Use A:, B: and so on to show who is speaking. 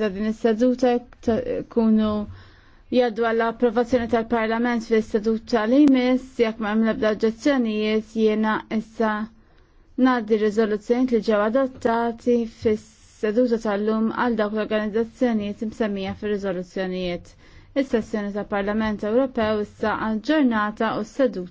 A: ta' din is-seduta kunu jaddu għall approvazzjoni tal-Parlament fis seduta li imis jekk ma hemm l-ebda oġġezzjonijiet jiena issa ngħaddi riżoluzzjonijiet li ġew adottati fis-seduta tal-lum għal dawk l-organizzazzjonijiet imsemmija fir-riżoluzzjonijiet. Is-sessjoni tal-Parlament Ewropew issa
B: għal ġurnata u s-seduta